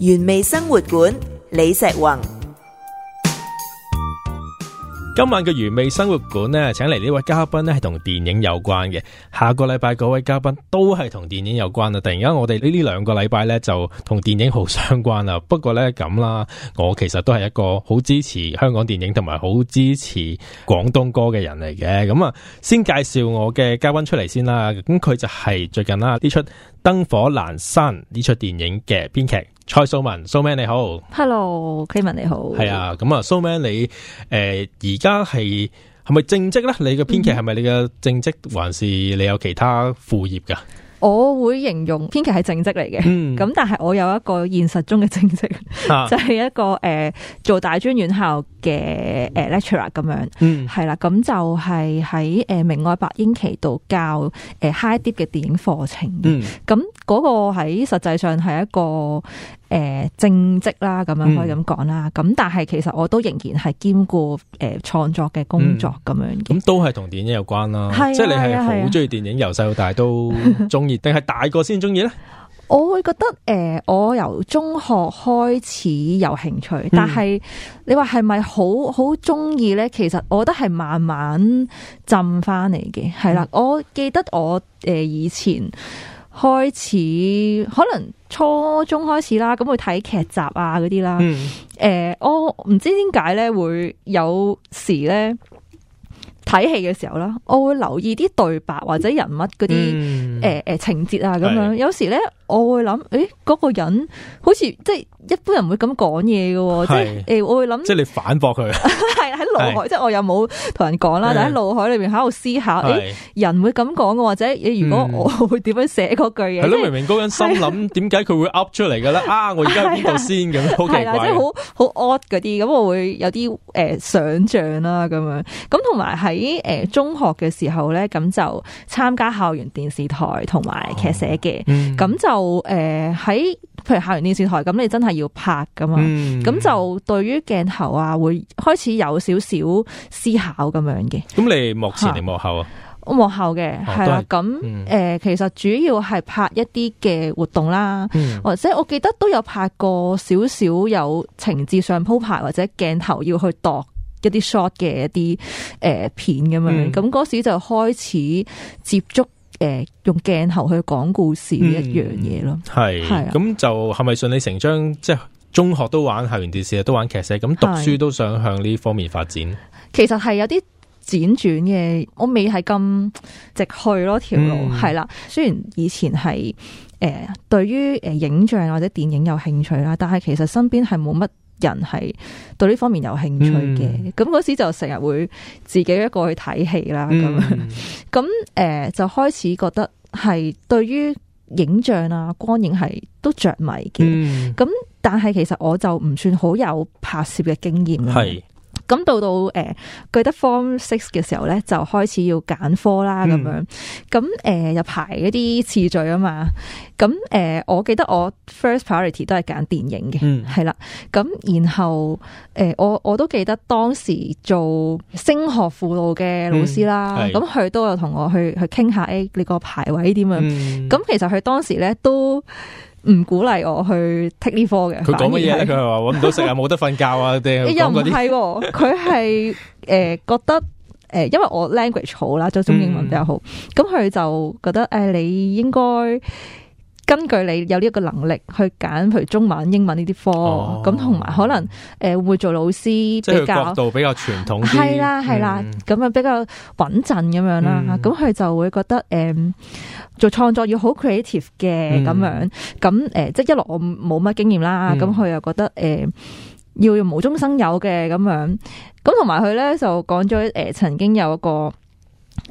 原味生活館，李石宏，今晚嘅原味生活館呢，請嚟呢位嘉賓呢，係同電影有關嘅。下個禮拜嗰位嘉賓都係同電影有關啊。突然間，我哋呢呢兩個禮拜呢，就同電影好相關啦。不過呢，咁啦，我其實都係一個好支持香港電影，同埋好支持廣東歌嘅人嚟嘅。咁啊，先介紹我嘅嘉賓出嚟先啦。咁、嗯、佢就係最近啦、啊、呢出燈《燈火闌珊》呢出電影嘅編劇。蔡素文，素文你好，Hello，Clayman，你好，係啊，咁啊，素文你誒而家係係咪正職咧？你嘅編劇係咪你嘅正職，還是你有其他副業噶？我會形容編劇係正職嚟嘅，咁但係我有一個現實中嘅正職，就係一個誒做大專院校嘅誒 lecturer 咁樣，嗯，係啦，咁就係喺誒明愛白英奇度教誒 high dip 嘅電影課程，嗯，咁嗰個喺實際上係一個。誒、呃，正職啦，咁樣可以咁講啦。咁、嗯、但係其實我都仍然係兼顧誒創作嘅工作咁樣嘅。咁都係同電影有關啦、啊，是啊、即係你係好中意電影，由細是、啊、到大都中意，定係大個先中意呢？ 我會覺得誒、呃，我由中學開始有興趣，但係你話係咪好好中意呢？其實我覺得係慢慢浸翻嚟嘅。係啦、嗯，我記得我誒、呃、以前。以前開始可能初中開始啦，咁會睇劇集啊嗰啲啦。誒、嗯欸，我唔知點解咧，會有時咧睇戲嘅時候啦，我會留意啲對白或者人物嗰啲誒誒情節啊咁樣，的有時咧。我會諗，誒，嗰個人好似即係一般人唔會咁講嘢嘅，即係誒，我會諗，即係你反駁佢，係喺腦海，即係我又冇同人講啦，但喺腦海裏邊喺度思考，誒，人會咁講嘅，或者如果我會點樣寫嗰句嘢，係咯，明明嗰人心諗，點解佢會 up 出嚟嘅咧？啊，我而家邊度先咁，好奇怪，即好好 odd 嗰啲，咁我會有啲誒想象啦，咁樣，咁同埋喺誒中學嘅時候咧，咁就參加校園電視台同埋劇社嘅，咁就。就誒喺譬如校園電視台咁，你真係要拍噶嘛？咁、嗯、就對於鏡頭啊，會開始有少少思考咁樣嘅。咁、嗯、你幕前定幕後啊？我幕後嘅係啦。咁誒，其實主要係拍一啲嘅活動啦，嗯、或者我記得都有拍過少少有情節上鋪排或者鏡頭要去度一啲 short 嘅一啲誒、呃、片咁樣。咁、嗯、時就開始接觸。誒、呃，用鏡頭去講故事呢一樣嘢咯，係、嗯，咁、啊、就係咪順理成章？即係中學都玩校園電視，都玩劇社，咁讀書都想向呢方面發展。其實係有啲輾轉嘅，我未係咁直去咯條路，係啦、嗯啊。雖然以前係誒、呃、對於誒影像或者電影有興趣啦，但係其實身邊係冇乜。人係對呢方面有興趣嘅，咁嗰、嗯、時就成日會自己一個去睇戲啦，咁樣、嗯，咁誒、 呃、就開始覺得係對於影像啊光影係都着迷嘅，咁、嗯、但係其實我就唔算好有拍攝嘅經驗。係。咁到到誒，記得 Form Six 嘅時候咧，就開始要揀科啦咁樣。咁誒入排嗰啲次序啊嘛。咁、呃、誒，我記得我 First Priority 都係揀電影嘅，係、嗯、啦。咁然後誒、呃，我我都記得當時做升學輔導嘅老師啦。咁佢都有同我去去傾下誒、哎、你個排位點樣。咁、嗯嗯、其實佢當時咧都，唔鼓勵我去 take 呢科嘅。佢講乜嘢咧？佢係話揾唔到食啊，冇得瞓覺啊，定講嗰啲。又唔係，佢係誒覺得誒、呃，因為我 language 好啦，就中英文比較好。咁佢、嗯、就覺得誒、哎，你應該。根據你有呢一個能力去揀，譬如中文、英文呢啲科，咁同埋可能誒會做老師，即係角度比較傳統啲，係啦，係啦，咁啊比較穩陣咁樣啦。咁佢就會覺得誒做創作要好 creative 嘅咁樣，咁誒即係一路我冇乜經驗啦，咁佢又覺得誒要無中生有嘅咁樣，咁同埋佢咧就講咗誒曾經有一個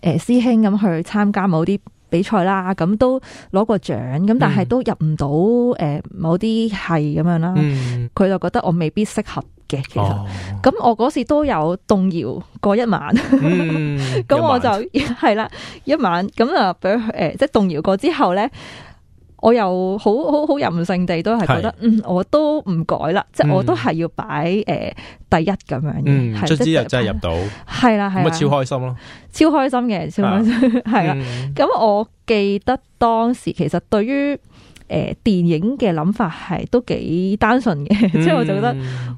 誒師兄咁去參加某啲。比賽啦，咁都攞過獎，咁但係都入唔到誒某啲係咁樣啦，佢、嗯、就覺得我未必適合嘅，其實、哦，咁我嗰時都有動搖過一晚，咁、嗯、 我就係啦一晚，咁啊，比如誒，即係動搖過之後咧。我又好好好任性地都係覺得，嗯，我都唔改啦，即係我都係要擺誒、呃、第一咁樣嘅。嗯、卒之就真係入到，係啦係啦，咪超開心咯、啊，超開心嘅超開心係啦。咁、啊嗯啊、我記得當時其實對於誒、呃、電影嘅諗法係都幾單純嘅，即係、嗯、我就覺得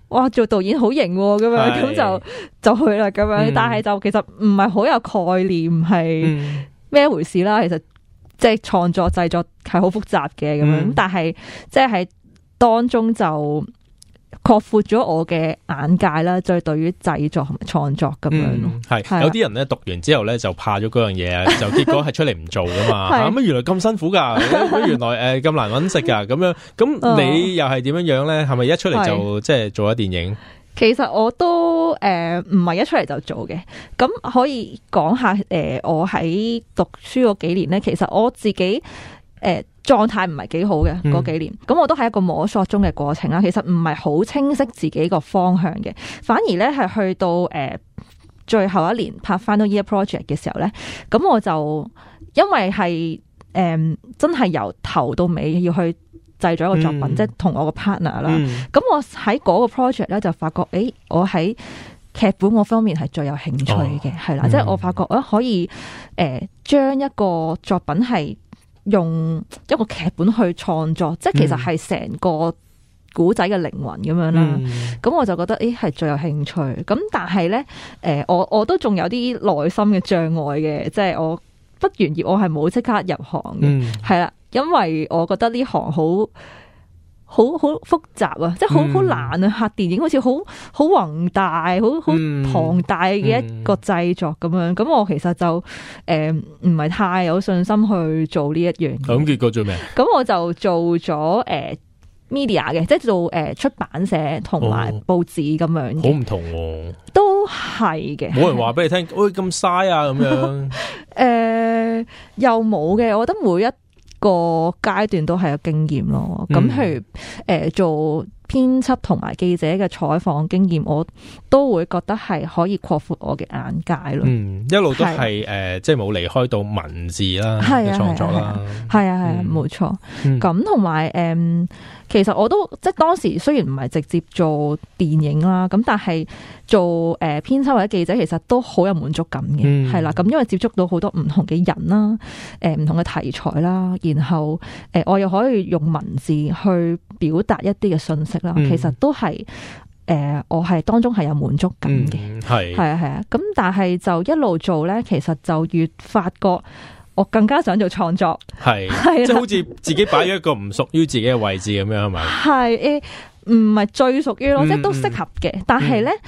哇做導演好型咁樣，咁就就去啦咁樣。但係就其實唔係好有概念係咩回事啦，其實。即係創作製作係好複雜嘅咁樣，嗯、但係即係當中就擴闊咗我嘅眼界啦。就對於製作同埋創作咁樣，係、嗯是啊、有啲人咧讀完之後咧就怕咗嗰樣嘢， 就結果係出嚟唔做噶嘛。咁 是、啊、原來咁辛苦噶，咁原來誒咁難搵食噶咁樣。咁你又係點樣樣咧？係咪一出嚟就即係 是做咗電影？其實我都誒唔係一出嚟，就做嘅，咁可以講下誒、呃、我喺讀書嗰幾年咧，其實我自己誒狀態唔係幾好嘅嗰幾年，咁、嗯、我都係一個摸索中嘅過程啦。其實唔係好清晰自己個方向嘅，反而咧係去到誒、呃、最後一年拍 final year project 嘅時候咧，咁我就因為係誒、呃、真係由頭到尾要去。製咗一個作品、嗯、即係、嗯，同我個 partner 啦。咁我喺嗰個 project 咧，就發覺誒、欸，我喺劇本嗰方面係最有興趣嘅，係啦。即係我發覺，我可以誒，將、呃、一個作品係用一個劇本去創作，嗯、即係其實係成個古仔嘅靈魂咁樣啦。咁、嗯、我就覺得誒，係、欸、最有興趣。咁但係咧，誒、呃，我我都仲有啲內心嘅障礙嘅，即係我畢完業我係冇即刻入行嘅，係啦、嗯。嗯嗯因為我覺得呢行好好好複雜啊，即係好好難啊！拍、嗯、電影好似好好宏大、好好龐大嘅一個製作咁、嗯嗯、樣，咁我其實就誒唔係太有信心去做呢一樣。咁結果做咩？咁我就做咗誒、呃、media 嘅，即係做誒出版社同埋報紙咁樣。好唔同哦，都係嘅。冇、啊、人話俾你聽，喂，咁嘥啊咁樣。誒、 呃呃，又冇嘅。我覺得每一。個階段都係有經驗咯，咁譬如誒、呃、做編輯同埋記者嘅採訪經驗，我都會覺得係可以擴闊我嘅眼界咯。嗯，一路都係誒、啊呃，即係冇離開到文字啦，創作啦，係啊係啊，冇錯、啊。咁同埋誒，其實我都即係當時雖然唔係直接做電影啦，咁但係。做誒、呃，編輯或者記者其實都好有滿足感嘅，係啦、嗯。咁因為接觸到好多唔同嘅人啦，誒、呃，唔同嘅題材啦，然後誒、呃，我又可以用文字去表達一啲嘅信息啦。嗯、其實都係誒、呃，我係當中係有滿足感嘅，係係啊係啊。咁但係就一路做咧，其實就越發覺我更加想做創作，係係啊即係好似自己擺咗一個唔屬於自己嘅位置咁樣係咪？係誒，唔係 最屬於咯，即係都適合嘅，但係咧。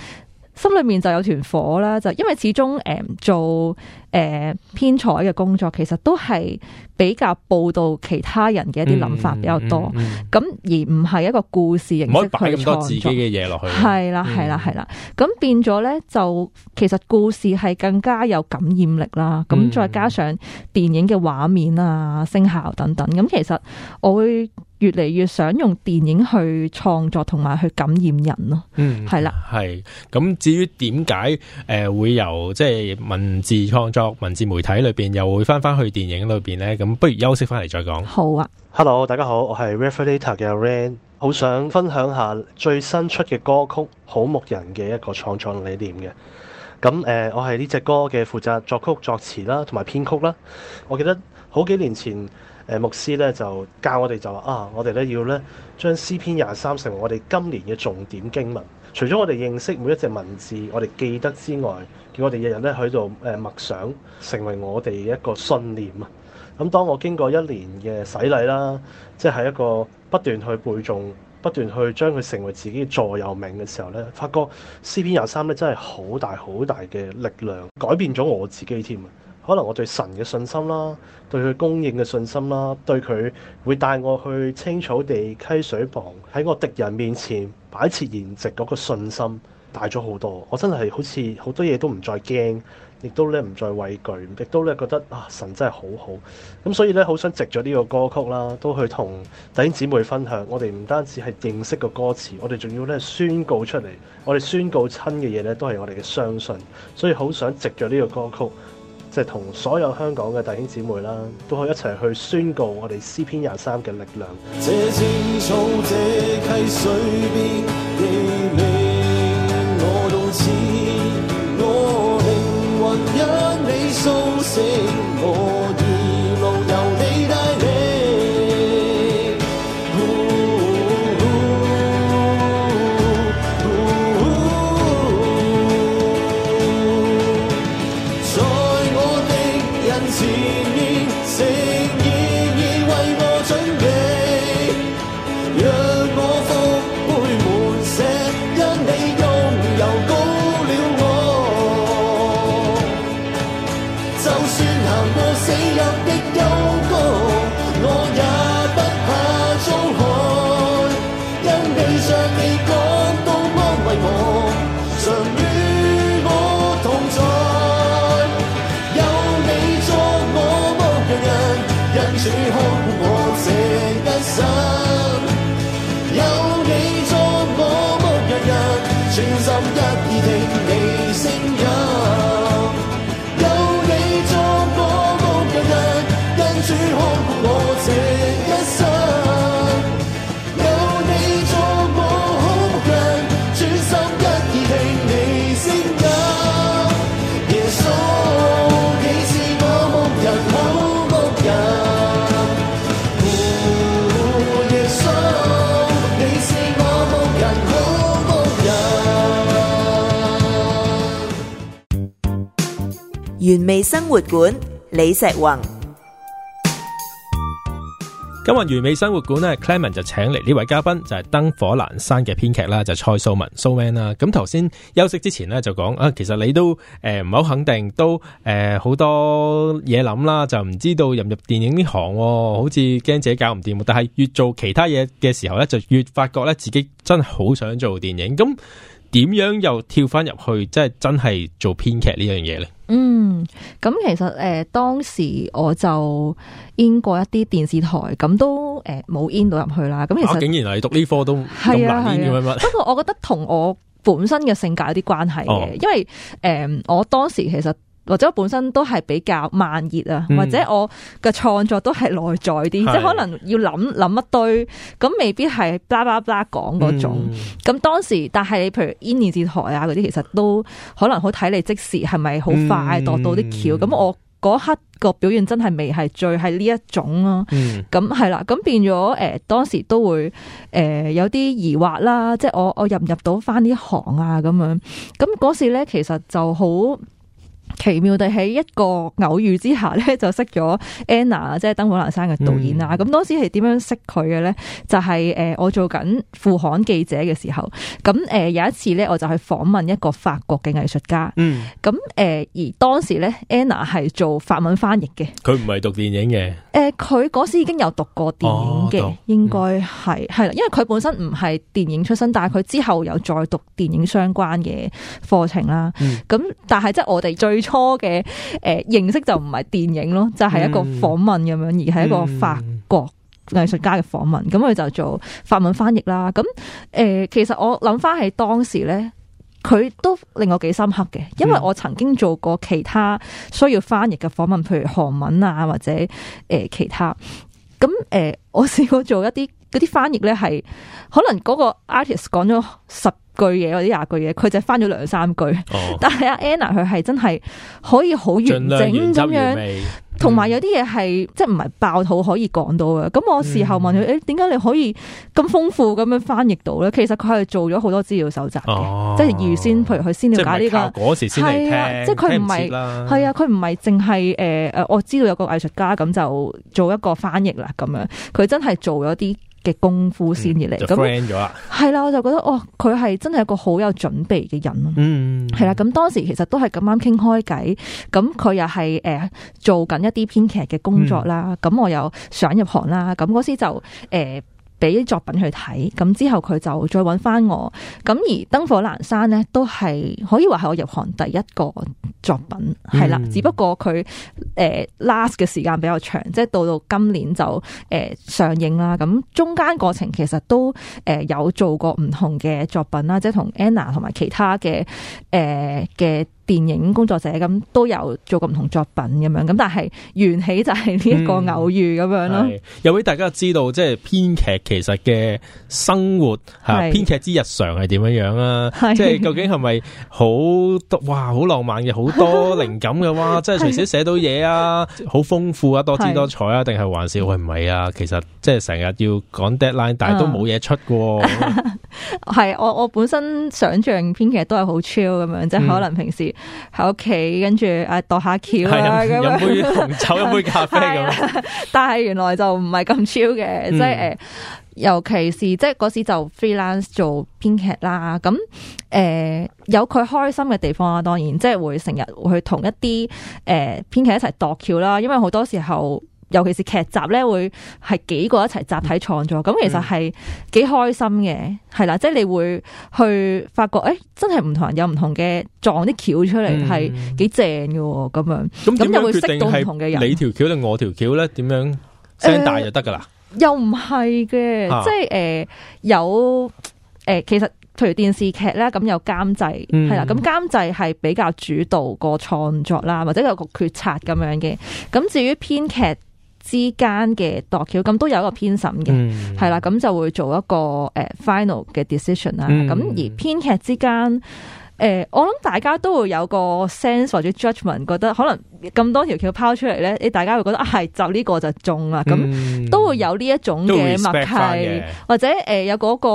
心裏面就有團火啦，就因為始終誒、呃、做誒編採嘅工作，其實都係比較報道其他人嘅一啲諗法比較多，咁、嗯嗯嗯、而唔係一個故事形式去創作。唔可以擺咁多自己嘅嘢落去。係啦係啦係啦，咁、嗯、變咗咧就其實故事係更加有感染力啦。咁、嗯、再加上電影嘅畫面啊、聲效等等，咁其實我會。越嚟越想用電影去創作同埋去感染人咯，係啦、嗯，係咁了。至於點解誒會由即係文字創作、文字媒體裏邊又會翻翻去電影裏邊咧？咁不如休息翻嚟再講。好啊，Hello，大家好，我係 Revelator 嘅 Ren，好想分享下最新出嘅歌曲《好牧人》嘅一個創作理念嘅。咁誒、呃，我係呢隻歌嘅負責作曲作詞啦，同埋編曲啦。我記得好幾年前，牧師咧就教我哋就話啊，我哋咧要咧將詩篇廿三成為我哋今年嘅重點經文。除咗我哋認識每一隻文字，我哋記得之外，叫我哋日日咧喺度誒默想，成為我哋一個信念啊。咁當我經過一年嘅洗禮啦，啊，即係一個不斷去背誦、不斷去將佢成為自己嘅座右銘嘅時候咧，發覺詩篇廿三咧真係好大好大嘅力量，改變咗我自己添啊！可能我對神嘅信心啦，對佢供應嘅信心啦，對佢會帶我去青草地溪水旁，喺我敵人面前擺設筵席嗰個信心大咗好多。我真係好似好多嘢都唔再驚，亦都咧唔再畏懼，亦都咧覺得啊神真係好好咁，所以咧好想藉著呢個歌曲啦，都去同弟兄姊妹分享。我哋唔單止係認識個歌詞，我哋仲要咧宣告出嚟。我哋宣告親嘅嘢咧，都係我哋嘅相信。所以好想藉著呢個歌曲。即係同所有香港嘅弟兄姊妹啦，都可以一齊去宣告我哋詩篇廿三嘅力量。完美生活館李石宏，今日完美生活館咧，Clement 就請嚟呢位嘉賓就係《燈火闌珊》嘅編劇啦，就係蔡素文 So Man 啦。咁頭先休息之前呢，就講啊，其實你都誒唔好肯定，都誒好、呃、多嘢諗啦，就唔知道入唔入電影呢行，好似驚自己搞唔掂。但係越做其他嘢嘅時候呢，就越發覺咧自己真係好想做電影。咁點樣又跳翻入去，即係真係做編劇呢樣嘢呢？嗯，咁其實誒、呃，當時我就 in 過一啲電視台，咁都誒冇、呃、in 到入去啦。咁其實、啊、竟然係讀呢科都咁難 in 嘅，係啊、係啊、係啊。不過我覺得同我本身嘅性格有啲關係嘅，哦、因為誒、呃，我當時其實。或者本身都係比較慢熱啊，或者我嘅創作都係內在啲，嗯、即係可能要諗諗一堆，咁未必係 blah blah blah 講嗰種。咁、嗯、當時，但係譬如 in 電視台啊嗰啲，其實都可能好睇你即時係咪好快、嗯、度到啲橋。咁、嗯、我嗰刻個表現真係未係最係呢一種咯。咁係啦，咁、嗯、變咗誒、呃，當時都會誒、呃、有啲疑惑啦，即係我我，我入唔入到翻呢行啊？咁樣咁嗰時咧，其實就好。奇妙地喺一個偶遇之下咧、 嗯，就識咗 Anna，即係《燈火闌珊》嘅導演啦。咁當時係點樣識佢嘅咧？就係誒，我做緊副刊記者嘅時候，咁、呃、誒有一次咧，我就去訪問一個法國嘅藝術家。嗯。咁誒、呃，而當時咧，Anna 係做法文翻譯嘅。佢唔係讀電影嘅。誒、呃，佢嗰時已經有讀過電影嘅，哦、應該係係啦。嗯、因為佢本身唔係電影出身，但係佢之後有再讀電影相關嘅課程啦。咁、嗯嗯、但係即係我哋最初嘅誒、呃、形式就唔係電影咯，就係一個訪問咁樣，嗯、而係一個法國藝術家嘅訪問。咁佢、嗯、就做法文翻譯啦。咁誒、呃，其實我諗翻起當時咧，佢都令我幾深刻嘅，因為我曾經做過其他需要翻譯嘅訪問，譬如韓文啊，或者誒、呃、其他。咁誒、呃，我試過做一啲嗰啲翻譯咧，係可能嗰個 artist 講咗十。句嘢或者廿句嘢，佢就翻咗兩三句。哦、但係阿 Anna 佢係真係可以好完整咁樣，同埋有啲嘢係即係唔係爆肚可以講到嘅。咁我事後問佢：誒、嗯，點解你可以咁豐富咁樣翻譯到咧？其實佢係做咗好多資料搜集嘅，哦、即係預先，譬如佢先了解呢個嗰時係啊，即係佢唔係，係啊，佢唔係淨係誒誒，我知道有個藝術家咁就做一個翻譯啦咁樣。佢真係做咗啲，嘅功夫先至嚟，咁 friend 咗係啦，我就覺得哦，佢係真係一個好有準備嘅人咯。嗯，係啦，咁當時其實都係咁啱傾開偈，咁佢又係誒做緊一啲編劇嘅工作啦，咁、嗯、我又想入行啦，咁嗰時就誒。呃俾作品去睇，咁之後佢就再揾翻我，咁而燈火闌珊呢，都係可以話係我入行第一個作品係啦、嗯，只不過佢誒 last 嘅時間比較長，即係到到今年就誒、呃、上映啦，咁中間過程其實都誒有做過唔同嘅作品啦，即係同 Anna 同埋其他嘅誒嘅。呃電影工作者咁都有做過唔同作品咁樣，咁但係緣起就係呢一個偶遇咁樣咯。又俾大家知道，即係編劇其實嘅生活吓，編劇是、啊、之日常係點樣樣啊？是即係究竟係咪好哇？好浪漫嘅，好多靈感嘅哇！即係隨時寫到嘢啊，好豐富啊，多姿多彩啊，定係還是喂唔係啊？其實即係成日要講 deadline，但係都冇嘢出嘅、啊。係、啊、 我我本身想象編劇都係好 chill 咁樣，即係可能平時、嗯。嗯喺屋企跟住誒度下橋啊，飲 杯紅酒，飲 杯咖啡咁、 啊。但係原來就唔係咁 chill 嘅，嗯、即係誒、呃，尤其是即係嗰時就 freelance 做編劇啦。咁誒、呃、有佢開心嘅地方啦，當然即係會成日會去同一啲誒編劇一齊度橋啦。因為好多時候。尤其是劇集咧，會係幾個一齊集體創作，咁、嗯、其實係幾開心嘅，係啦，即係你會去發覺，誒、欸，真係唔同人有唔同嘅撞啲橋出嚟，係、嗯、幾正嘅喎，咁樣咁、嗯、又會識到唔同嘅人，你條橋定我條橋咧，點樣聲大就得㗎啦？又唔係嘅，啊、即係誒、呃、有誒、呃，其實譬如電視劇咧，咁有監製，係、嗯、啦，咁監製係比較主導個創作啦，或者有個決策咁樣嘅，咁至於編劇。之間嘅度橋咁都有一個編審嘅，係啦、嗯，咁就會做一個誒、uh, final 嘅 decision 啦、嗯。咁而編劇之間，誒、呃、我諗大家都會有個 sense 或者 judgement，覺得可能咁多條橋拋出嚟咧，你大家會覺得啊，係、哎、就呢個就中啦，咁、嗯、都會有呢一種嘅默契，或者誒、uh, 有嗰個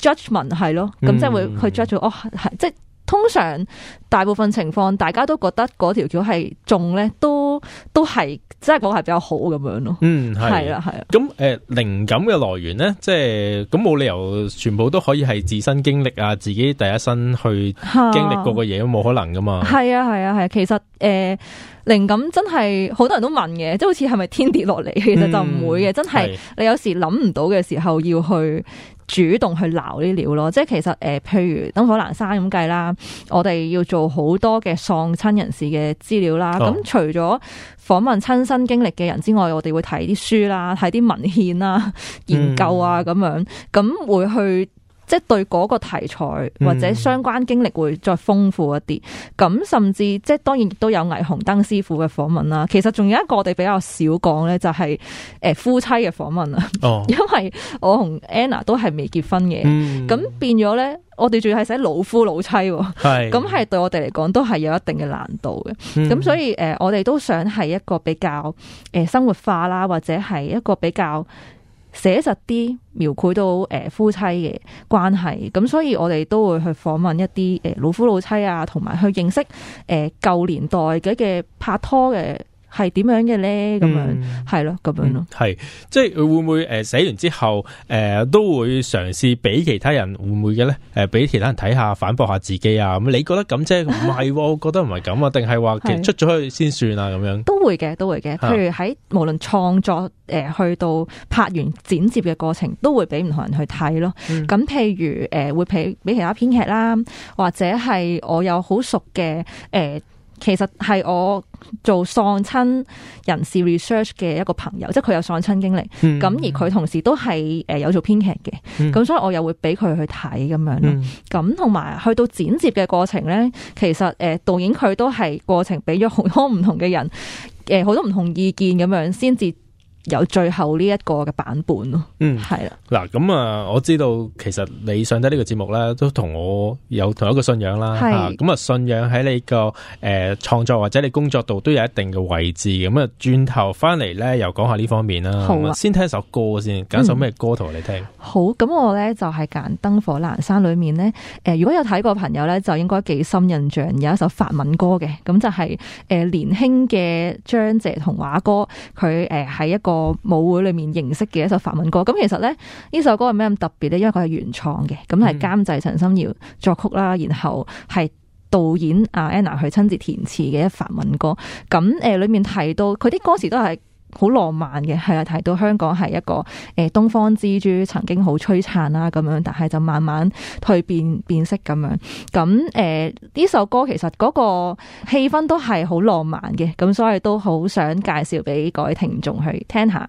judgement 係咯，咁、嗯嗯、即係會去 judge 住哦，係即係。通常大部分情況，大家都覺得嗰條橋係中咧，都都係即係講係比較好咁樣咯。嗯，係啦，係啦。咁誒、呃、靈感嘅來源咧，即係咁冇理由全部都可以係自身經歷啊，自己第一身去經歷過嘅嘢都冇可能㗎嘛。係啊，係啊，係啊。其實誒、呃、靈感真係好多人都問嘅，即係好似係咪天跌落嚟？其實就唔會嘅。嗯、真係你有時諗唔到嘅時候要去，主動去撈呢啲料咯，即係其實誒、呃，譬如燈火闌珊咁計啦，我哋要做好多嘅喪親人士嘅資料啦。咁、哦、除咗訪問親身經歷嘅人之外，我哋會睇啲書啦，睇啲文獻啦，研究啊咁、嗯、樣，咁會去。即係對嗰個題材或者相關經歷會再豐富一啲，咁、嗯、甚至即係當然亦都有霓虹燈師傅嘅訪問啦。其實仲有一個我哋比較少講咧，就係、是、誒、呃、夫妻嘅訪問啦。哦，因為我同 Anna 都係未結婚嘅，咁、嗯、變咗咧，我哋仲要係寫老夫老妻、哦，係咁係對我哋嚟講都係有一定嘅難度嘅。咁、嗯、所以誒、呃，我哋都想係一個比較誒、呃、生活化啦，或者係一個比較。寫實啲描繪到誒、呃、夫妻嘅關係，咁所以我哋都會去訪問一啲誒、呃、老夫老妻啊，同埋去認識誒、呃、舊年代嘅嘅拍拖嘅。係點樣嘅咧？咁樣係咯，咁樣咯。係即係佢會唔會誒寫完之後誒、呃、都會嘗試俾其他人會唔會嘅咧？誒、呃、俾其他人睇下反駁下自己啊？咁你覺得咁啫？唔係，啊， 我覺得唔係咁啊？定係話其實出咗去先算啊？咁樣都會嘅，都會嘅。譬如喺無論創作誒去到拍完剪接嘅過程，都會俾唔同人去睇咯。咁、嗯、譬如誒、呃、會俾俾其他編劇啦，或者係我有好熟嘅誒。呃其實係我做喪親人士 research 嘅一個朋友，即係佢有喪親經歷，咁、嗯、而佢同時都係誒、呃、有做編劇嘅，咁、嗯、所以我又會俾佢去睇咁樣咯。咁同埋去到剪接嘅過程咧，其實誒、呃、導演佢都係過程俾咗好多唔同嘅人，誒、呃、好多唔同意見咁樣先至，有最後呢一個嘅版本咯、嗯了，嗯，係啦，嗱咁啊，我知道其實你上得呢個節目咧，都同我有同一個信仰啦，係咁是啊、嗯，信仰喺你個誒、呃、創作或者你工作度都有一定嘅位置咁啊，轉頭翻嚟咧又講下呢方面啦，好了先聽首歌先，揀首咩歌同你嚟聽、嗯？好，咁我咧就係、是、揀《燈火闌珊》裏面咧，誒、呃、如果有睇過朋友咧，就應該幾深印象有一首法文歌嘅，咁、嗯、就係、是、誒、呃、年輕嘅張姐同華哥，佢誒喺一個。個舞會裏面認識嘅一首法文歌，咁其實咧呢首歌係咩咁特別咧？因為佢係原創嘅，咁係監製陳心遙作曲啦，然後係導演阿 Anna 去親自填詞嘅一法文歌，咁誒、呃、裏面提到佢啲歌詞都係。好浪漫嘅，係啊，提到香港係一個誒、呃、東方之珠，曾經好璀璨啦咁樣，但係就慢慢褪變變色咁樣。咁誒呢首歌其實嗰個氣氛都係好浪漫嘅，咁所以都好想介紹俾各位聽眾去聽,聽下。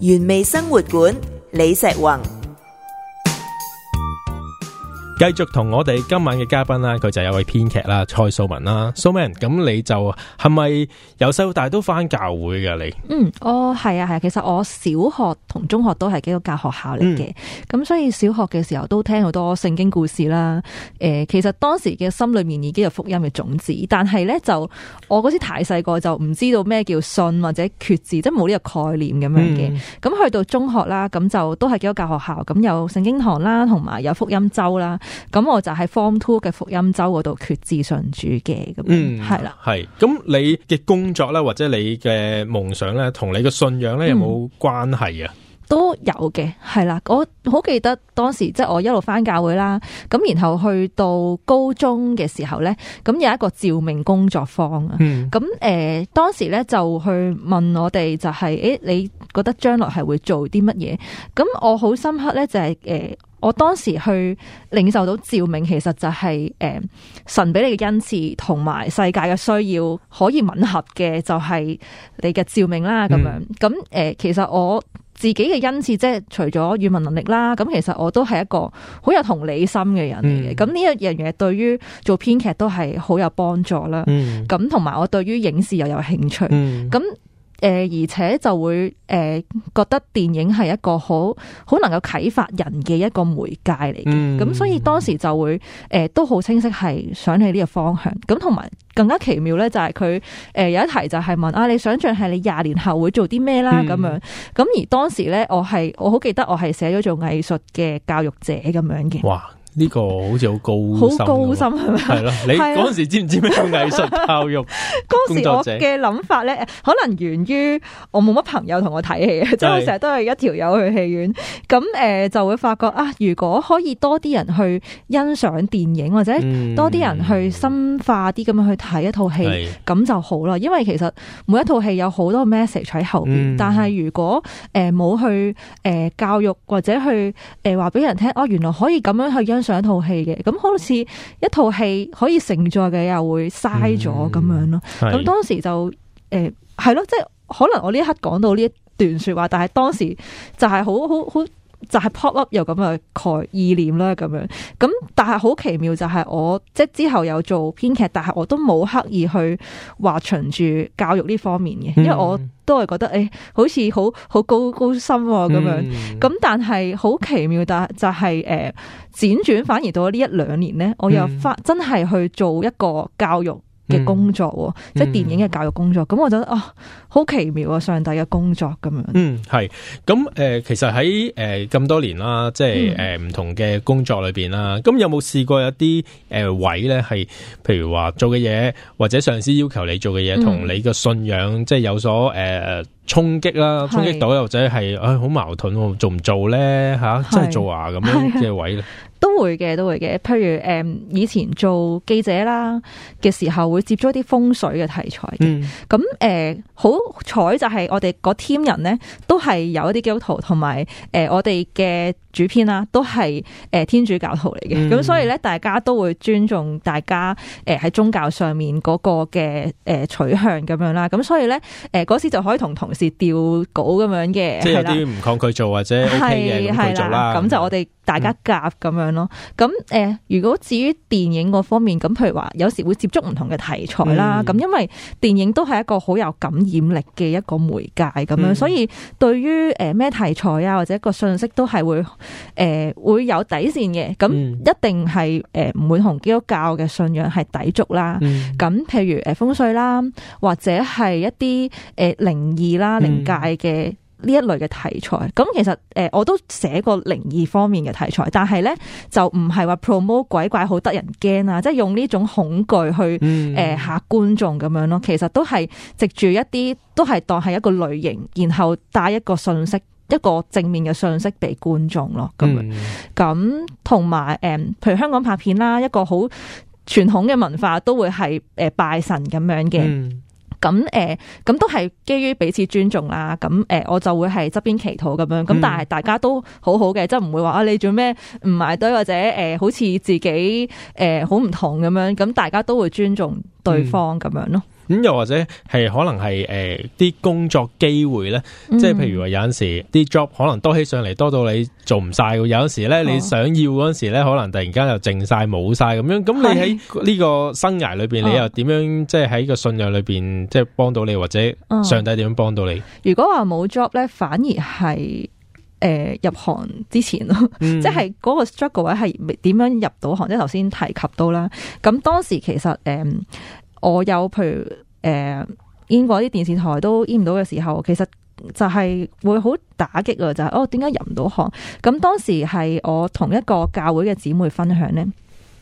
原味生活館，李石宏。繼續同我哋今晚嘅嘉賓啦，佢就有位編劇啦，蔡素文啦，素文，咁你就係咪由細到大都返教會㗎你？嗯，哦，係啊，係啊，其實我小學同中學都係基督教學校嚟嘅。咁、嗯、所以小學嘅時候都聽好多聖經故事啦，誒、呃，其實當時嘅心裏面已經有福音嘅種子，但係咧就我嗰時太細個就唔知道咩叫信或者決志，即係冇呢個概念咁樣嘅。咁、嗯、去到中學啦，咁就都係基督教學校，咁有聖經堂啦，同埋有福音周啦。咁我就喺 Form Two 嘅福音週嗰度決志信主嘅，咁，係啦、嗯，係咁了你嘅工作咧，或者你嘅夢想咧，同你嘅信仰咧有冇關係啊、嗯？都有嘅，係啦，我好記得當時即係、就是、我一路返教會啦，咁然後去到高中嘅時候咧，咁有一個召命工作坊啊，咁誒、嗯呃、當時咧就去問我哋就係、是、誒、欸、你覺得將來係會做啲乜嘢？咁我好深刻咧就係、是、誒。呃我當時去領受到召命，其實就係、是、誒、嗯、神俾你嘅恩賜，同埋世界嘅需要可以吻合嘅，就係你嘅召命啦。咁樣咁誒，其實我自己嘅恩賜即係除咗語文能力啦，咁其實我都係一個好有同理心嘅人嚟嘅。咁呢一樣嘢對於做編劇都係好有幫助啦。咁同埋我對於影視又有興趣。咁誒、呃，而且就會誒、呃、覺得電影係一個好好能夠啟發人嘅一個媒介嚟嘅，咁、嗯嗯、所以當時就會誒、呃、都好清晰係想起呢個方向。咁同埋更加奇妙咧，就係佢誒有一題就係問啊，你想象係你廿年後會做啲咩啦？咁、嗯、樣咁而當時咧，我係我好記得我係寫咗做藝術嘅教育者咁樣嘅。哇呢個好似好高好高深係嘛？係咯、啊， 你嗰陣時知唔知咩叫藝術教育？嗰陣時 我嘅諗法咧，可能源於我冇乜朋友同我睇戲，啊，即係我成日都係一條友去戲院。咁誒、呃、就會發覺啊，如果可以多啲人去欣賞電影，或者多啲人去深化啲咁樣去睇一套戲咁就好啦。因為其實每一套戲有好多 message 喺後邊， 但係如果誒冇、呃、去誒、呃、教育或者去誒話俾人聽哦，原來可以咁樣去欣賞。上一套戲嘅，咁好似一套戲可以承載嘅又會嘥咗咁樣咯。咁、嗯、當時就誒係咯，即係是、呃、可能我呢刻講到呢一段說話，但係當時就係好好好。就係 pop up 有咁嘅概意念啦，咁樣咁，但係好奇妙就係我即係之後有做編劇，但係我都冇刻意去話循住教育呢方面嘅，因為我都係覺得誒、哎，好似好好高高深咁、啊、樣，咁但係好奇妙、就是，但就係誒，輾轉反而到咗呢一兩年咧，我又發真係去做一個教育嘅工作喎，即係電影嘅教育工作，咁、嗯、我覺得啊，好、哦、奇妙啊！上帝嘅工作咁樣嗯。嗯，係。咁誒，其實喺誒咁多年啦，即係誒唔同嘅工作裏邊啦，咁、嗯嗯、有冇試過有啲誒位咧，係譬如話做嘅嘢，或者上司要求你做嘅嘢，同你嘅信仰即係有所誒、呃、衝擊啦，衝擊到又是或者係啊好矛盾喎，做唔做咧吓、啊，真係做啊咁樣嘅位咧。都會嘅，都會嘅。譬如誒，以前做記者啦嘅時候，會接觸一啲風水嘅題材嘅。咁誒，好彩就係我哋個 team 人咧，都係有一啲基督徒，同埋誒我哋嘅主編啦，都係誒天主教徒嚟嘅。咁所以咧，大家都會尊重大家誒喺宗教上面嗰個嘅誒取向咁樣啦。咁所以咧，誒嗰時就可以同同事調稿咁樣嘅。即係有啲唔抗拒做或者 OK 啦。咁就我哋。大家夾咁樣咯，咁誒，如、呃、果至於電影嗰方面，咁譬如話，有時會接觸唔同嘅題材啦，咁、嗯、因為電影都係一個好有感染力嘅一個媒介咁樣，嗯、所以對於誒咩、呃、題材啊或者個信息都係會誒、呃、會有底線嘅，咁一定係誒唔會同基督教嘅信仰係抵觸啦。咁、嗯、譬如誒、呃、風水啦，或者係一啲誒、呃、靈異啦、靈界嘅、嗯。嗯呢一類嘅題材，咁其實誒、呃，我都寫過靈異方面嘅題材，但係咧就唔係話 promote 鬼怪好得人驚啊，即係用呢種恐懼去誒吓、呃、觀眾咁樣咯。其實都係藉住一啲，都係當係一個類型，然後帶一個信息，一個正面嘅信息俾觀眾咯。咁咁同埋誒，譬如香港拍片啦，一個好傳統嘅文化都會係誒、呃、拜神咁樣嘅。嗯咁誒，咁、呃、都係基於彼此尊重啦。咁誒、呃，我就會係側邊祈禱咁樣。咁但係大家都好好嘅，嗯、即係唔會話啊你做咩唔埋堆或者誒、呃，好似自己誒好唔同咁樣。咁大家都會尊重對方咁、嗯、樣咯。咁又或者係可能係誒啲工作機會咧，即係譬如話有陣時啲 job 可能多起上嚟，多到你做唔晒。有陣時咧，你想要嗰陣時咧，哦、可能突然間又淨晒冇晒咁樣。咁你喺呢個生涯裏邊，哎、呀你又點樣即係喺個信仰裏邊，即係幫到你或者上帝點樣幫到你？哦、如果話冇 job 咧，反而係誒、呃、入行之前咯， 嗯、即係嗰個 struggle 位係點樣入到行？即係頭先提及到啦。咁當時其實誒。嗯我有譬如誒，演過啲電視台都演唔到嘅時候，其實就係會好打擊啊！就係、是、哦，點解入唔到行？咁當時係我同一個教會嘅姊妹分享咧。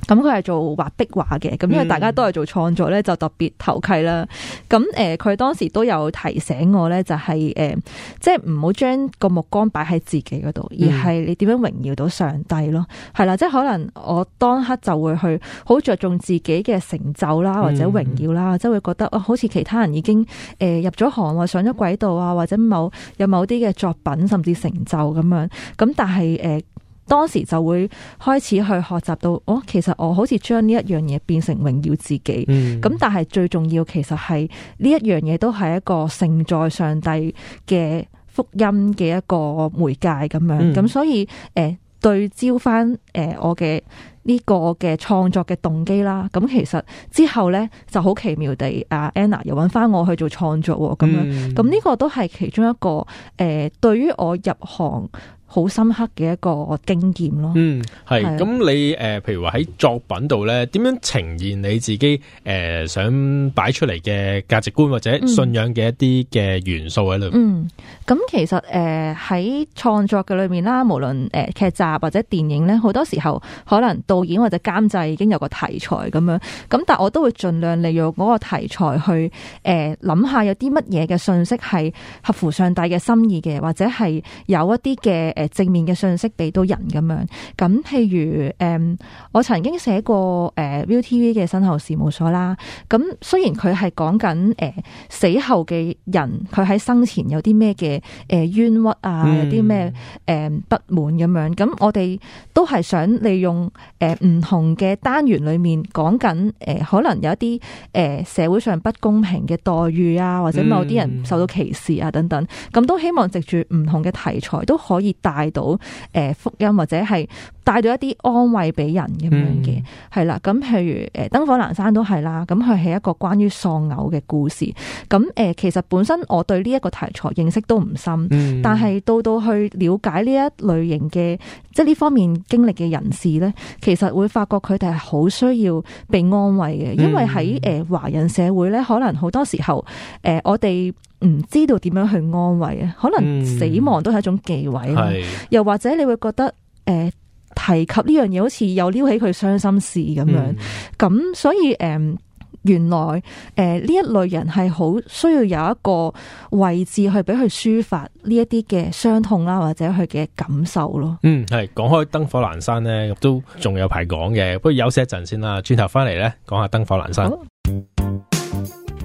咁佢係做畫壁畫嘅，咁因為大家都係做創作咧，就特別投契啦。咁、嗯、誒、佢、嗯、當時都有提醒我咧，就係、是、誒、呃、即係唔好將個目光擺喺自己嗰度，而係你點樣榮耀到上帝咯。係、嗯、啦、即係、嗯、可能我當刻就會去好着重自己嘅成就啦，或者榮耀啦，即係會覺得哦、呃、好似其他人已經誒、呃、入咗行或上咗軌道啊，或者某有某啲嘅作品甚至成就咁樣。咁但係誒。呃當時就會開始去學習到，哦，其實我好似將呢一樣嘢變成榮耀自己。咁、嗯、但係最重要其實係呢一樣嘢都係一個承載上帝嘅福音嘅一個媒介咁樣。咁、嗯、所以誒、呃、對焦翻誒、呃、我嘅呢、呢個嘅創作嘅動機啦。咁其實之後咧就好奇妙地，阿 Anna 又揾翻我去做創作咁、嗯、樣。咁、呢、呢個都係其中一個誒、呃、對於我入行，好深刻嘅一個經驗咯。嗯，係。咁的你誒、呃，譬如話喺作品度咧，點樣呈現你自己誒、呃、想擺出嚟嘅價值觀或者信仰嘅一啲嘅元素喺裏面、嗯。嗯、咁、嗯、其實誒喺創作嘅裏面啦，無論誒劇集或者電影咧，好多時候可能導演或者監製已經有個題材咁樣，咁但係我都會盡量利用嗰個題材去誒諗、呃、下有啲乜嘢嘅信息係合乎上帝嘅心意嘅，或者係有一啲嘅。誒正面嘅信息俾到人咁樣，咁譬如誒、嗯，我曾經寫過誒 ViuTV 嘅身後事務所啦。咁雖然佢係講緊誒死後嘅人，佢喺生前有啲咩嘅誒冤屈啊，有啲咩誒不滿咁、嗯嗯、樣。咁我哋都係想利用誒唔同嘅單元裏面講緊誒，可能有一啲誒社會上不公平嘅待遇啊，或者某啲人受到歧視啊等等。咁、嗯嗯、都希望藉住唔同嘅題材都可以。帶到誒、呃、福音或者係帶到一啲安慰俾人咁樣嘅係啦，咁、嗯、譬如誒、呃、燈火闌珊都係啦，咁佢係一個關於喪偶嘅故事。咁、嗯、誒、呃、其實本身我對呢一個題材認識都唔深，嗯、但係到到去了解呢一類型嘅即係呢方面經歷嘅人士呢，其實會發覺佢哋係好需要被安慰嘅，因為喺誒、呃、華人社會呢，可能好多時候誒、呃、我哋。唔知道點樣去安慰啊。可能死亡都係一種忌諱啦。嗯、又或者你會覺得誒、呃，提及呢樣嘢好似又撩起佢傷心事咁樣。咁、嗯、所以誒、呃，原來誒呢、呃、一類人係好需要有一個位置去俾佢抒發呢一啲嘅傷痛啦，或者佢嘅感受咯。嗯，係講開燈火闌珊咧，都仲有排講嘅。不如休息一陣先啦，轉頭翻嚟咧講下燈火闌珊。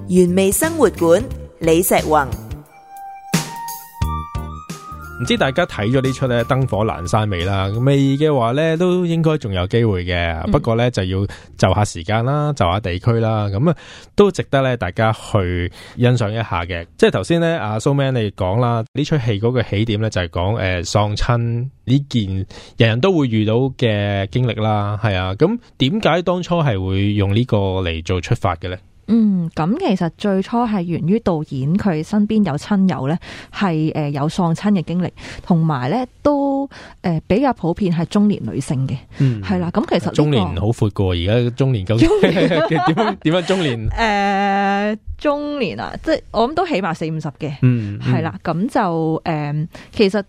原味好生活館。李石云，唔知大家睇咗呢出咧《燈火闌珊》未啦？未嘅話咧，都應該仲有機會嘅。不過咧、嗯、就要就下時間啦，就下地區啦，咁、嗯、都值得咧大家去欣賞一下嘅。即係頭先咧，阿、啊、素文你講啦，呢出戲嗰個起點咧就係講誒喪親呢件人人都會遇到嘅經歷啦。係啊，咁點解當初係會用呢個嚟做出發嘅咧？嗯，咁其實最初係源於導演佢身邊有親友咧，係誒、呃、有喪親嘅經歷，同埋咧都誒、呃、比較普遍係中年女性嘅，係啦、嗯。咁其實、這個、中年好闊過，而家中年究竟點年 樣點樣中年？誒、 呃，中年啊，即係我諗都起碼四五十嘅、嗯，嗯，係啦。咁就誒，其實。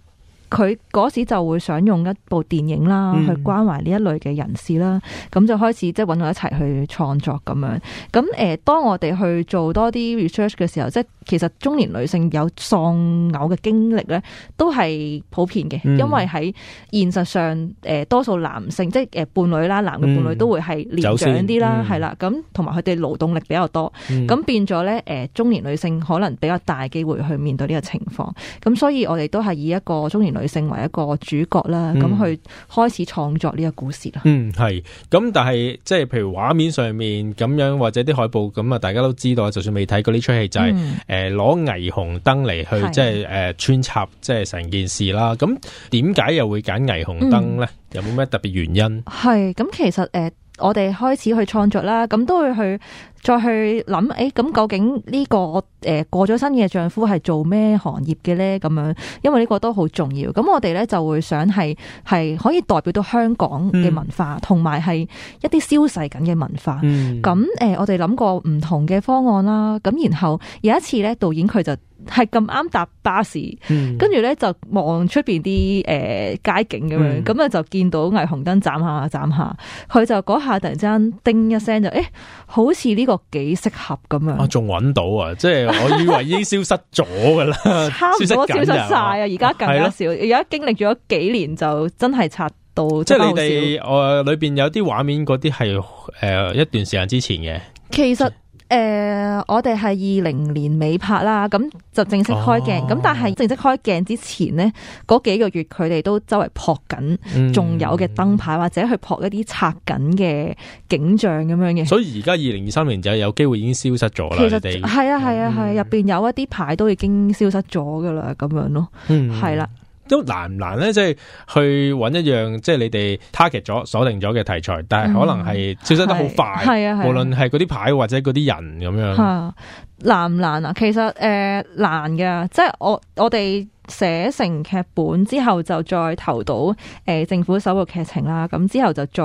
佢嗰時就會想用一部電影啦，去關懷呢一類嘅人士啦，咁、嗯、就開始即係揾我一齊去創作咁樣。咁誒、呃，當我哋去做多啲 research 嘅時候，即係其實中年女性有喪偶嘅經歷咧，都係普遍嘅，嗯、因為喺現實上誒、呃、多數男性即係誒伴侶啦，男女伴侶都會係年長啲啦，係啦、嗯，咁同埋佢哋勞動力比較多，咁、嗯、變咗咧誒中年女性可能比較大機會去面對呢個情況，咁所以我哋都係以一個中年女。佢成為一個主角啦，咁佢開始創作呢個故事啦。嗯，係，咁但係即係譬如畫面上面咁樣或者啲海報咁啊，大家都知道就算未睇過呢出戲就係誒攞霓虹燈嚟去即係誒穿插即係成件事啦。咁點解又會揀霓虹燈咧？嗯、有冇咩特別原因？係，咁其實誒。呃我哋開始去創作啦，咁都會去再去諗，誒、欸，咁究竟呢、這個誒、呃、過咗身嘅丈夫係做咩行業嘅咧？咁樣，因為呢個都好重要。咁我哋咧就會想係係可以代表到香港嘅文化，同埋係一啲消逝緊嘅文化。咁誒、嗯呃，我哋諗過唔同嘅方案啦。咁然後有一次咧，導演佢就。係咁啱搭巴士，跟住咧就望出面啲誒街景咁、嗯、樣，咁啊就見到霓虹燈盞下盞下，佢就嗰下突然之間叮一聲就誒，好似呢個幾適合咁樣。我仲揾到啊，即係我以為已經消失咗噶啦， 消失晒啊，而家更加少。而家經歷咗幾年，就真係刷到刷即係你哋誒裏邊有啲畫面嗰啲係誒一段時間之前嘅，刷刷其實。誒、呃，我哋係二零年尾拍啦，咁就正式開鏡。咁、哦、但係正式開鏡之前呢，嗰幾個月佢哋都周圍撲緊，仲有嘅燈牌或者去撲一啲拆緊嘅景象咁樣嘅。所以而家二零二三年就有機會已經消失咗啦。其實係啊係啊係、入邊、啊啊、有一啲牌都已經消失咗噶啦，咁樣咯，係啦、啊。嗯都難唔難咧？即係去揾一樣，即係你哋 target 咗鎖定咗嘅題材，但係可能係消失得好快。係、嗯、啊，啊無論係啲牌或者啲人咁樣。啊、難唔難啊？其實誒、呃、難嘅，即係我我哋。寫成劇本之後就再投到誒、呃、政府首部劇情啦，咁之後就再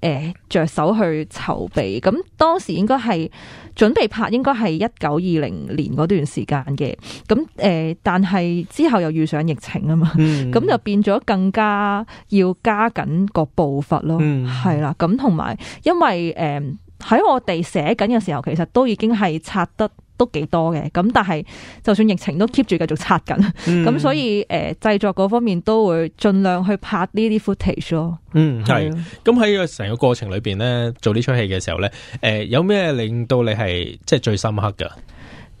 誒着、呃、手去籌備。咁當時應該係準備拍，應該係一九二零年嗰段時間嘅。咁誒，但係、呃、之後又遇上疫情啊嘛，咁、嗯、 就變咗更加要加緊個步伐咯。係啦、嗯，咁同埋因為誒喺、呃、我哋寫緊嘅時候，其實都已經係拆得。都幾多嘅，咁但係就算疫情都 keep 住繼續拍緊，咁所以誒製作嗰方面都會盡量去拍呢啲 footage 咯。嗯，係。咁喺個成個過程裏邊咧，做呢出戲嘅時候咧，誒有咩令到你係即係最深刻㗎？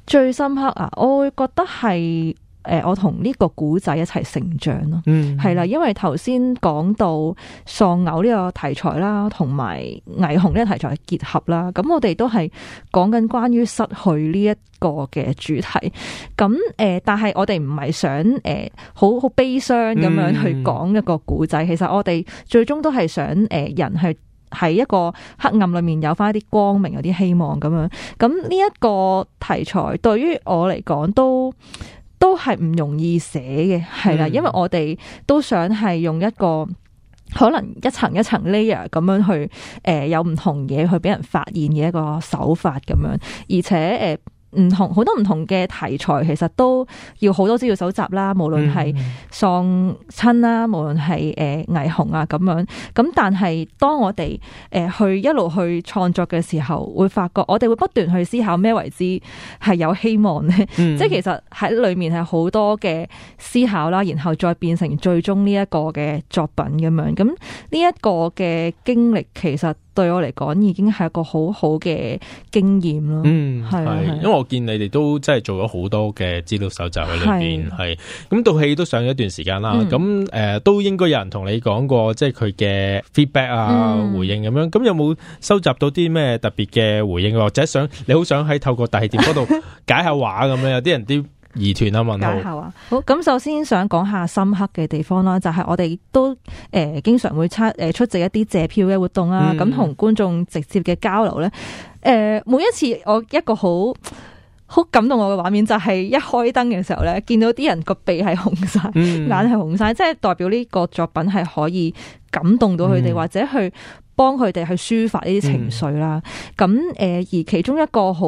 最深刻啊，我會覺得係。誒、呃，我同呢個古仔一齊成長咯，係啦、嗯，因為頭先講到喪偶呢個題材啦，同埋霓虹呢個題材結合啦，咁我哋都係講緊關於失去呢一個嘅主題。咁誒、呃，但係我哋唔係想誒、呃，好好悲傷咁樣去講一個古仔。嗯，其實我哋最終都係想誒、呃，人係喺一個黑暗裏面有返一啲光明，有啲希望咁樣。咁呢一個題材對於我嚟講都。都係唔容易寫嘅，係啦，因為我哋都想係用一個可能一層一層 layer 咁樣去，誒、呃，有唔同嘢去俾人發現嘅一個手法咁樣，而且誒。呃唔同好多唔同嘅題材，其實都要好多資料搜集啦。無論係喪親啦，無論係誒霓虹啊咁樣。咁但係當我哋誒、呃、去一路去創作嘅時候，會發覺我哋會不斷去思考咩為之係有希望咧。嗯、即係其實喺裏面係好多嘅思考啦，然後再變成最終呢一個嘅作品咁樣。咁呢一個嘅經歷其實。對我嚟講，已經係一個好好嘅經驗咯。嗯，係、啊，是因為我見你哋都真係做咗好多嘅資料搜集喺裏邊，係是。咁套戲都上咗一段時間啦。咁誒、嗯呃，都應該有人同你講過，即係佢嘅 feedback 啊，回應咁、啊、樣。咁、嗯、有冇收集到啲咩特別嘅回應、啊，或者想你好想喺透過大氣電波嗰度解下畫咁樣？ 有啲人啲。疑團啊，問好啊，好咁，首先想講下深刻嘅地方啦，就係、是、我哋都誒、呃、經常會出誒出席一啲借票嘅活動啦、啊，咁同、嗯、觀眾直接嘅交流咧，誒、呃、每一次我一個好好感動我嘅畫面就係一開燈嘅時候咧，見到啲人個鼻係紅晒，嗯、眼係紅晒，即係代表呢個作品係可以感動到佢哋，嗯、或者去幫佢哋去抒發呢啲情緒啦。咁誒、嗯呃、而其中一個好。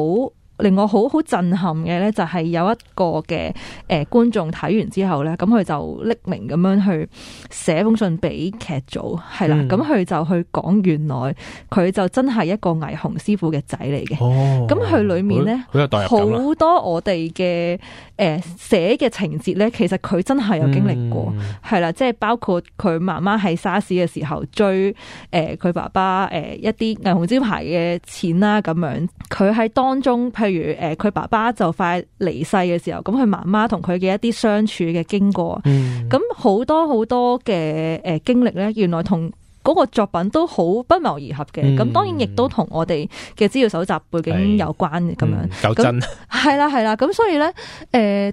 令我好好震撼嘅咧，就係有一個嘅誒、呃、觀眾睇完之後咧，咁佢就匿名咁樣去寫封信俾劇組係啦，咁佢、嗯、就去講，原來佢就真係一個霓虹師傅嘅仔嚟嘅，哦，咁佢裏面咧好多我哋嘅誒寫嘅情節咧，其實佢真係有經歷過係啦，即係、嗯、包括佢媽媽喺沙士嘅時候追誒佢、呃、爸爸誒、呃、一啲霓虹招牌嘅錢啦，咁樣佢喺當中。例如誒，佢、呃、爸爸就快離世嘅時候，咁佢媽媽同佢嘅一啲相處嘅經過，咁好、嗯、多好多嘅誒、呃、經歷咧，原來同嗰個作品都好不謀而合嘅。咁、嗯、當然亦都同我哋嘅資料搜集背景有關咁、嗯、樣。咁係啦係啦，咁所以咧，誒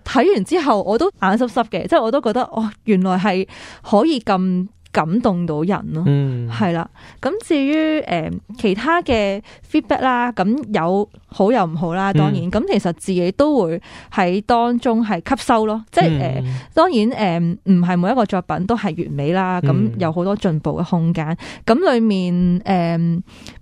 睇、呃、完之後我都眼濕濕嘅，即係我都覺得哦，原來係可以咁。感動到人咯，嗯，係啦。咁至於誒、呃、其他嘅 feedback 啦、呃，咁有好有唔好啦，當然。咁、嗯、其實自己都會喺當中係吸收咯，即係誒、呃、當然誒唔係每一個作品都係完美啦，咁、呃、有好多進步嘅空間，咁裏面誒、呃、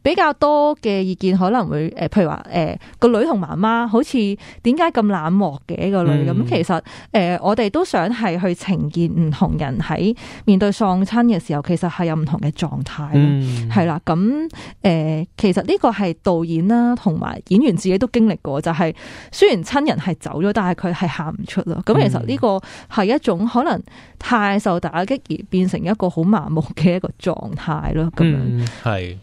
比較多嘅意見可能會誒、呃、譬如話誒、呃、個女同媽媽好似點解咁冷漠嘅一個女咁？其實誒、呃、我哋都想係去呈現唔同人喺面對喪親嘅時候，其實係有唔同嘅狀態咯，係啦，咁誒，其實呢個係導演啦，同埋演員自己都經歷過，就係、是、雖然親人係走咗，但係佢係喊唔出咯。咁、嗯、其實呢個係一種可能太受打擊而變成一個好麻木嘅一個狀態咯。咁樣係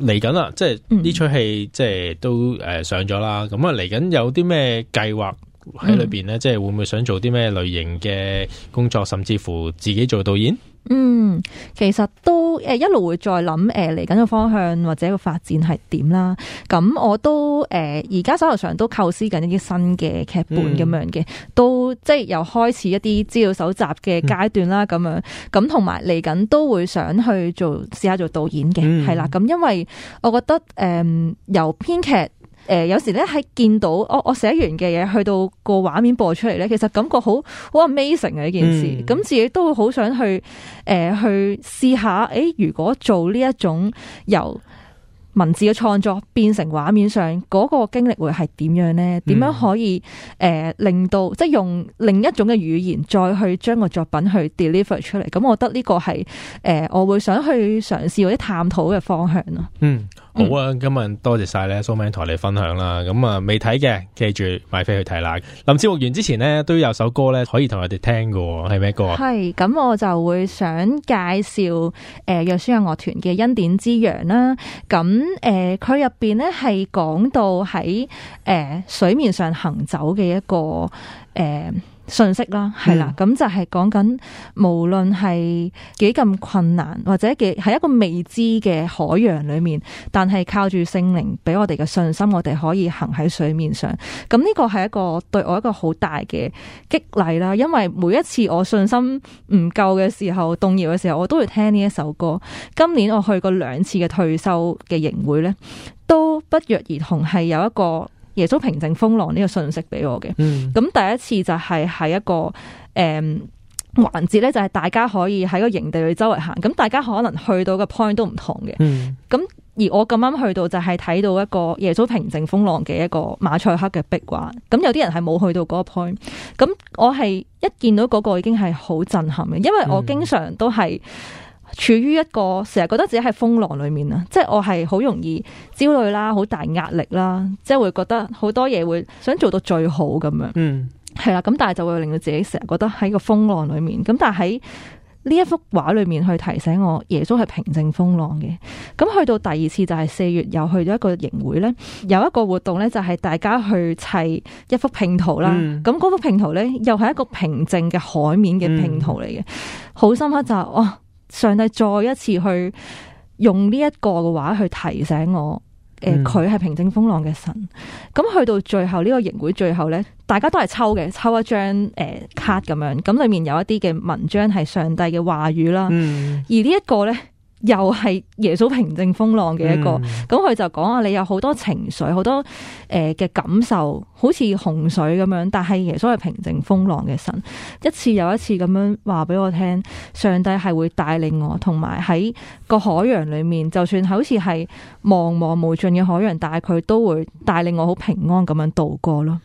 嚟緊啦，即係呢出戲即係都誒上咗啦。咁啊嚟緊有啲咩計劃喺裏邊呢？嗯、即係會唔會想做啲咩類型嘅工作，甚至乎自己做導演？嗯，其實都誒、呃、一路會再諗誒嚟緊嘅方向或者個發展係點啦。咁我都誒而家手頭上都構思緊一啲新嘅劇本咁樣嘅，嗯、都即係又開始一啲資料搜集嘅階段啦。咁樣、嗯、咁同埋嚟緊都會想去做試下做導演嘅，係啦、嗯。咁因為我覺得誒、呃、由編劇。誒、呃，有時咧喺見到我我寫完嘅嘢，去到個畫面播出嚟咧，其實感覺好好 amazing 嘅、啊、一件事，咁、嗯、自己都會好想去誒、呃、去試下，誒、呃、如果做呢一種由文字嘅創作變成畫面上嗰、那個經歷會係點樣咧？點、嗯、樣可以誒、呃、令到即係用另一種嘅語言再去將個作品去 deliver 出嚟？咁我覺得呢個係誒、呃、我會想去嘗試或者探討嘅方向咯。嗯。嗯、好啊，今日多謝晒咧蘇 n 同你分享啦，咁啊未睇嘅，記住買飛去睇啦。臨節目完之前咧，都有首歌咧可以同我哋聽嘅，係咩歌啊？係，咁我就會想介紹誒、呃、若軒樂團嘅《恩典之羊》啦。咁誒，佢入邊咧係講到喺誒、呃、水面上行走嘅一個誒。呃信息啦，係啦，咁、嗯、就係講緊無論係幾咁困難或者嘅係一個未知嘅海洋裏面，但係靠住聖靈俾我哋嘅信心，我哋可以行喺水面上。咁呢個係一個對我一個好大嘅激勵啦。因為每一次我信心唔夠嘅時候、動搖嘅時候，我都會聽呢一首歌。今年我去過兩次嘅退修嘅營會咧，都不約而同係有一個。耶穌平靜風浪呢個信息俾我嘅。咁、嗯、第一次就係喺一個誒環節咧，嗯、就係大家可以喺個營地裏周圍行，咁大家可能去到嘅 point 都唔同嘅，咁、嗯、而我咁啱去到就係睇到一個耶穌平靜風浪嘅一個馬賽克嘅壁畫，咁有啲人係冇去到嗰個 point，咁我係一見到嗰個已經係好震撼嘅，因為我經常都係。處於一個成日覺得自己喺風浪裏面啊，即係我係好容易焦慮啦，好大壓力啦，即係會覺得好多嘢會想做到最好咁樣。嗯，係啦，咁但係就會令到自己成日覺得喺個風浪裏面。咁但係喺呢一幅畫裏面去提醒我，耶穌係平靜風浪嘅。咁去到第二次就係四月又去咗一個營會咧，有一個活動咧就係大家去砌一幅拼圖啦。咁嗰幅拼圖咧又係一個平靜嘅海面嘅拼圖嚟嘅，好、嗯、深刻就哇！哦上帝再一次去用呢一個嘅話去提醒我，誒、呃，佢係平靜風浪嘅神。咁、嗯、去到最後呢、呢個營會最後咧，大家都係抽嘅，抽一張誒、呃、卡咁樣，咁裏面有一啲嘅文章係上帝嘅話語啦。嗯、而呢一個咧。又係耶穌平靜風浪嘅一個，咁佢就講啊，你有好多情緒，好多誒嘅、呃、感受，好似洪水咁樣，但係耶穌係平靜風浪嘅神，一次又一次咁樣話俾我聽，上帝係會帶領我，同埋喺個海洋裏面，就算好似係茫茫無盡嘅海洋，但係佢都會帶領我好平安咁樣度過咯。